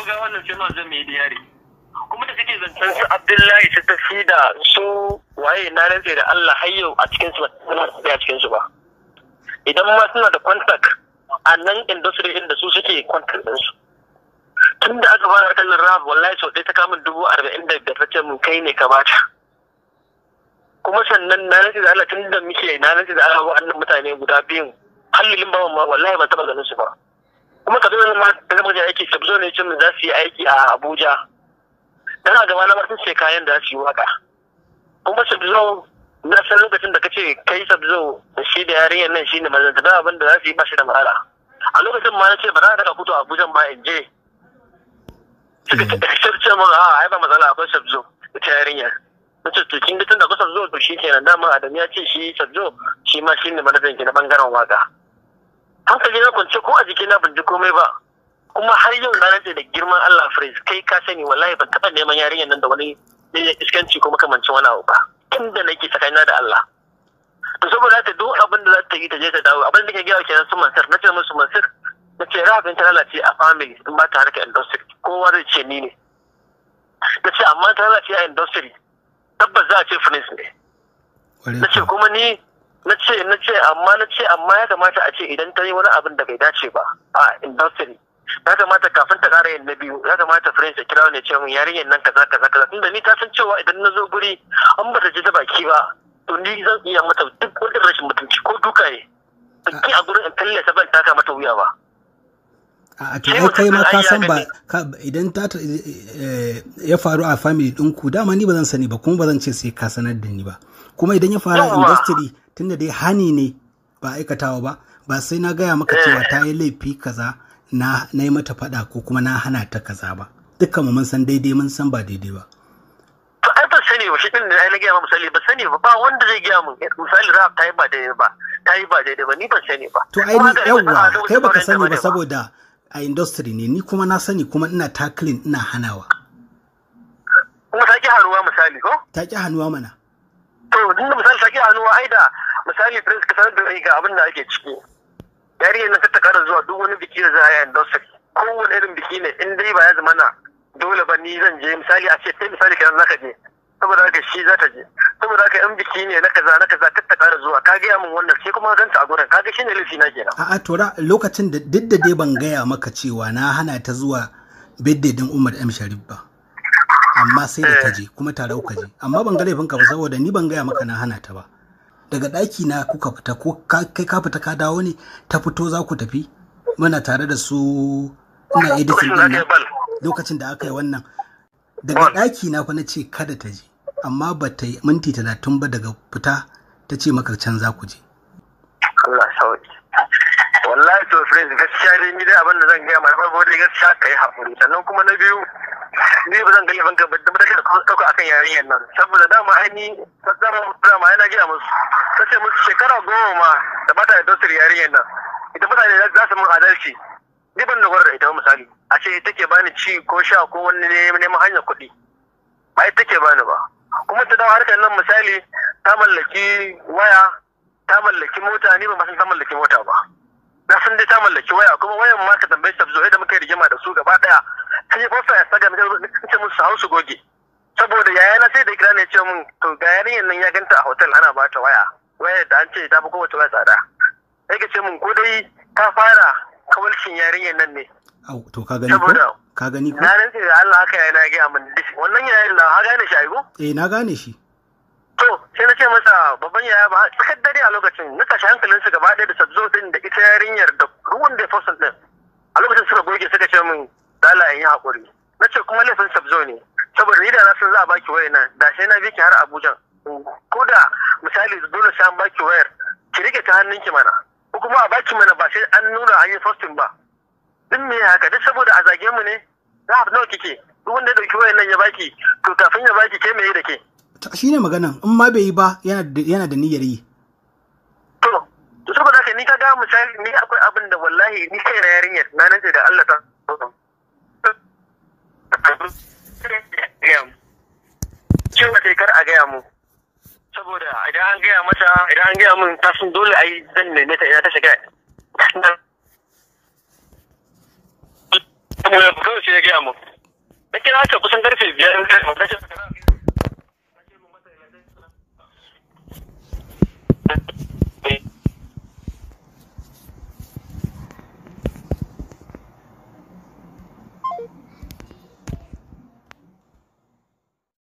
ya wannan sai manzon mai diyari kuma da suke zancen su abdullahi su tafi da su waye na rantse da allah hayyau a cikin su ba a cikin su ba idan ma suna da kwantak a nan industry da su suke kwantak ɗinsu tun da aka fara kallon rap wallahi sau ɗaya ta kamun dubu arba'in da biyar ta mun kai ne ka bata kuma sannan na nace da Allah tun da muke na nace da Allah wa'annan mutane guda biyun hallilin bawan ma wallahi ba taɓa ganin su ba kuma ka zama ma da zama da aiki sabzo ne cin da su yi aiki a abuja dan a gaba na ma sun ce kayan da su yi waka kuma sabzo na san lokacin da kace kai sabzo da shi da yarinyar nan shine mazan da abin da za su yi ba shi da matsala a lokacin ma na ce ba za a daga fito abuja ba in je suka ce ma a ai ba matsala akwai sabzo ta yarinyar nace to kin ga tunda kusa zo to shi kenan dama adam ya ce shi sabzo shi ma shine manajan ki na bangaren waka hankali na kwance ko a jikina ban ji komai ba kuma har yau na rantse da girman Allah Fred kai ka sani wallahi ban taɓa neman yarinyar nan da wani ne ya iskanci ko makamancin wani abu ba inda nake tsakanin da Allah to saboda ta duk abin da za ta yi ta je ta dawo abin da ke gaya kenan su na ce musu ce ra abin ta lalace a family in ba ta harka industry kowa zai ce ni ne ce amma ta lalace a industry tabbas za a ce Prince ne na ce kuma ni na ce na ce amma na ce amma ya kamata a ce idan ta yi wani abin da bai dace ba a industry ya kamata kafin ta kara yin na biyu ya kamata friends ya kira ne ce mun yarinyar nan kaza kaza kaza tunda ni ta san cewa idan na zo guri an bata ji ta baki ba to ni zan iya mata duk wani rashin mutunci ko duka ne ki a gurin in ta ban taka mata wuya ba a to ai kai ma ka san ba idan ta eh, ya faru a family din ku dama ni ba zan sani ba kuma ba zan ce sai ka sanar da ni ba kuma idan ya faru a industry tunda dai hani ne ba aikatawa ba ba sai na gaya maka cewa eh. ta yi laifi kaza na yi mata fada ko kuma na hana ta kaza ba dukkan mu mun san daidai mun san ba daidai ba to ai ba sani ba shi din da ai na gaya misali ba sani ba ba wanda zai gaya min misali za ta yi ba daidai ba ta yi ba daidai ba ni ba sani ba to ai ni yawwa kai baka sani ba saboda a industry ne ni kuma na sani kuma ina tackling ina hanawa kuma ta ki hannuwa misali ko ta ki hannuwa mana to din da misali ta ki hannuwa aida misali prince ka sanar da ga abin da ake ciki yari ne ta kara zuwa duk wani biki da za a yi industry kowane irin biki ne in dai ba ya zama na dole ba ni zan je misali a ce sai misali kenan zaka je saboda haka shi za ta je saboda ka yan biki ne na kaza na kaza ta kara zuwa ka gaya min wannan sai kuma ganta a gurin ka ga shine laifi na kenan a'a to lokacin da duk da dai ban gaya maka cewa na hana ta zuwa biddedin Umar M Sharif ba amma sai da ta je kuma tare uka je amma ban ga laifinka ba saboda ni ban gaya maka na hana ta ba daga ɗaki na kuka fita ko kai ka fita ka dawo ne ta fito za ku tafi muna tare da su ina editing lokacin da aka yi wannan daga ɗaki na fa na ce kada ta je amma ba ta yi minti talatin ba daga fita ta ce maka can za ku je. Allah sauki. Wallahi to friends gaskiya dai ni dai abin da zan gaya mai farko dai gaskiya kai hakuri sannan kuma na biyu ni ba zan gaya banka ba da mutane da kuma akan yarinyar nan saboda dama aini tsara ma yana gaya musu ta ce musu shekara goma da ba ta da dosar yarinyar nan ita mutane za su mun adalci ni ban dogara da ita ba misali a ce take bani ci ko sha ko wani neman hanyar kuɗi ba ita take bani ba kuma ta dawo harkar nan misali ta mallaki waya ta mallaki mota ni ba san ta mallaki mota ba na san dai ta mallaki waya kuma wayan ma ka tambaye ta zuwa da muka rigima da su gaba daya sai posta ya saka mutum ce musu hausu goge saboda yaya na sai da kira ne ce mun to ga yarinyan nan ya ganta a hotel ana ba waya waya da an ce ta fi kowace waya tsada sai ka ce mun ko dai ta fara kawalcin yarinyar nan ne to ka gani ko ka gani ko na sai da Allah haka yana gaya ga mun dishi wannan yana na ha gane shi aiko? eh na gane shi to sai na ce masa babban yaya ba tsakar dare a lokacin na tashi hankalin su gaba da sabzo din da ita yarinyar da ruwan da fosan din a lokacin suka goge suka ce min dala in yi hakuri na ce kuma laifin sabzo ne saboda ni da na san za a baki wayar nan da sai na bi ki har Abuja ko da misali dole sai an baki wayar ki rike ta hannunki mana kuma a baki mana ba sai an nuna an yi fostin ba din me haka duk saboda a zage mu ne za a nawa kike duk wanda ya dauki wayan nan ya baki to kafin ya baki ke me yi da ke ne magana in ma bai yi ba yana da niyyar yi to to saboda haka ni ga misali ni akwai abin da wallahi ni kai na yarinyar na nan da Allah ta cewa sai kar a gaya mu saboda idan an gaya mata idan an gaya min ta sun dole ai zan neme ta ina ta shiga kawai sai ya gaya min na kira ta kusan karfe biyar in ta shiga